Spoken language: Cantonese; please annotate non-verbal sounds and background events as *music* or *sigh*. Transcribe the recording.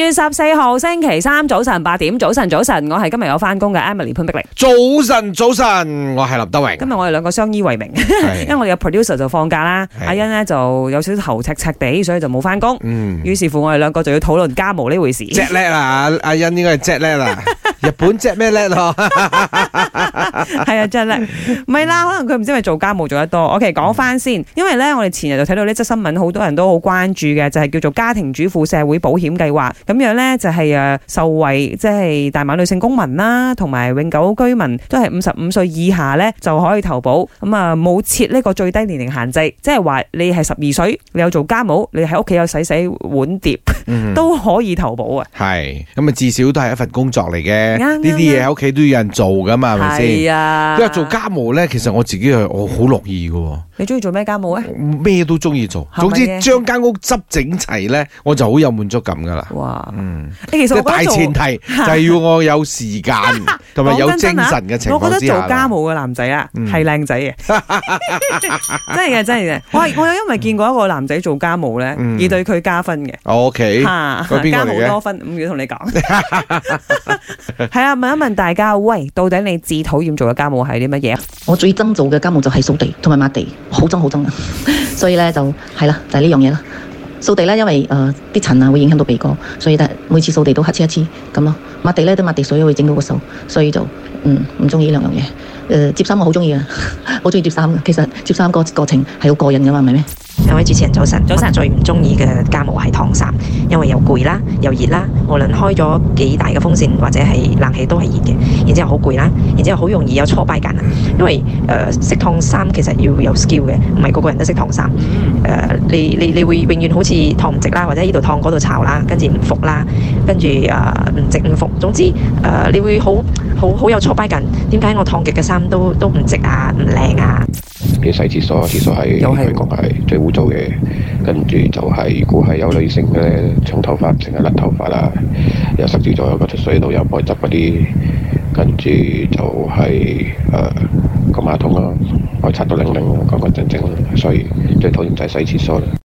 二月十四號星期三早晨八點，早晨早晨，我係今日有翻工嘅 Emily 潘碧玲。早晨早晨，我係林德榮。今日我哋兩個相依為命，因為我哋嘅 producer 就放假啦。阿欣呢就有少少頭赤赤地，所以就冇翻工。嗯，於是乎我哋兩個就要討論家務呢回事。叻啦，阿阿欣應該係叻啦，日本叻咩叻咯？係 *laughs* 啊，真叻，唔係啦，可能佢唔知係做家務做得多。我其實講翻先，因為咧，我哋前日就睇到呢則新聞，好多人都好關注嘅，就係、是、叫做家庭主婦社會保險計劃咁樣咧，就係、是、誒、啊、受惠，即、就、係、是、大馬女性公民啦，同埋永久居民都係五十五歲以下咧就可以投保咁啊，冇設呢個最低年齡限制，即係話你係十二歲，你有做家務，你喺屋企有洗洗碗碟。都可以投保啊！係咁啊，至少都係一份工作嚟嘅。呢啲嘢，喺屋企都要有人做噶嘛，係咪先？係啊，因為做家務咧，其實我自己係我好樂意嘅。你中意做咩家務咧？咩都中意做，總之將間屋執整齊咧，我就好有滿足感噶啦。哇！嗯，其實大前提就係要我有時間同埋有精神嘅情況之下咯。我覺得做家務嘅男仔啊，係靚仔嘅，真係嘅，真係嘅。我我有因為見過一個男仔做家務咧，而對佢加分嘅。OK。吓，加好多分，唔要同你講。係 *laughs* *laughs* 啊，問一問大家，喂，到底你最討厭做嘅家務係啲乜嘢啊？我最憎做嘅家務就係掃地同埋抹地，好憎好憎啊！所以咧就係啦，就係呢樣嘢啦。掃地咧，因為誒啲塵啊會影響到鼻哥，所以但係每次掃地都黑漆漆咁咯。抹地咧都抹地水，所以會整到個手，所以就嗯唔中意呢兩樣嘢。誒、呃，折衫我好中意啊，好中意折衫。其實折衫個過程係好過癮㗎嘛，唔係咩？兩位主持人早晨，早晨。最唔中意嘅家務係燙衫，因為又攰啦，又熱啦。無論開咗幾大嘅風扇或者係冷氣都係熱嘅，然之後好攰啦，然之後好容易有挫敗感。因為誒、呃、識燙衫其實要有 skill 嘅，唔係個個人都識燙衫。誒、呃、你你你會永遠好似燙唔直啦，或者呢度燙嗰度巢啦，跟住唔服啦，跟住誒唔直唔服。總之誒、呃、你會好好好有挫敗感。點解我燙極嘅衫都都唔直啊，唔靚啊？洗廁所，廁所係佢講係最污糟嘅，跟住就係、是、如果係有女性嘅，長頭髮成日甩頭髮啦，又十字左右個出水道有排執嗰啲，跟住就係誒個馬桶咯，可以擦到零零乾乾淨淨咯，所以最討厭就係洗廁所啦。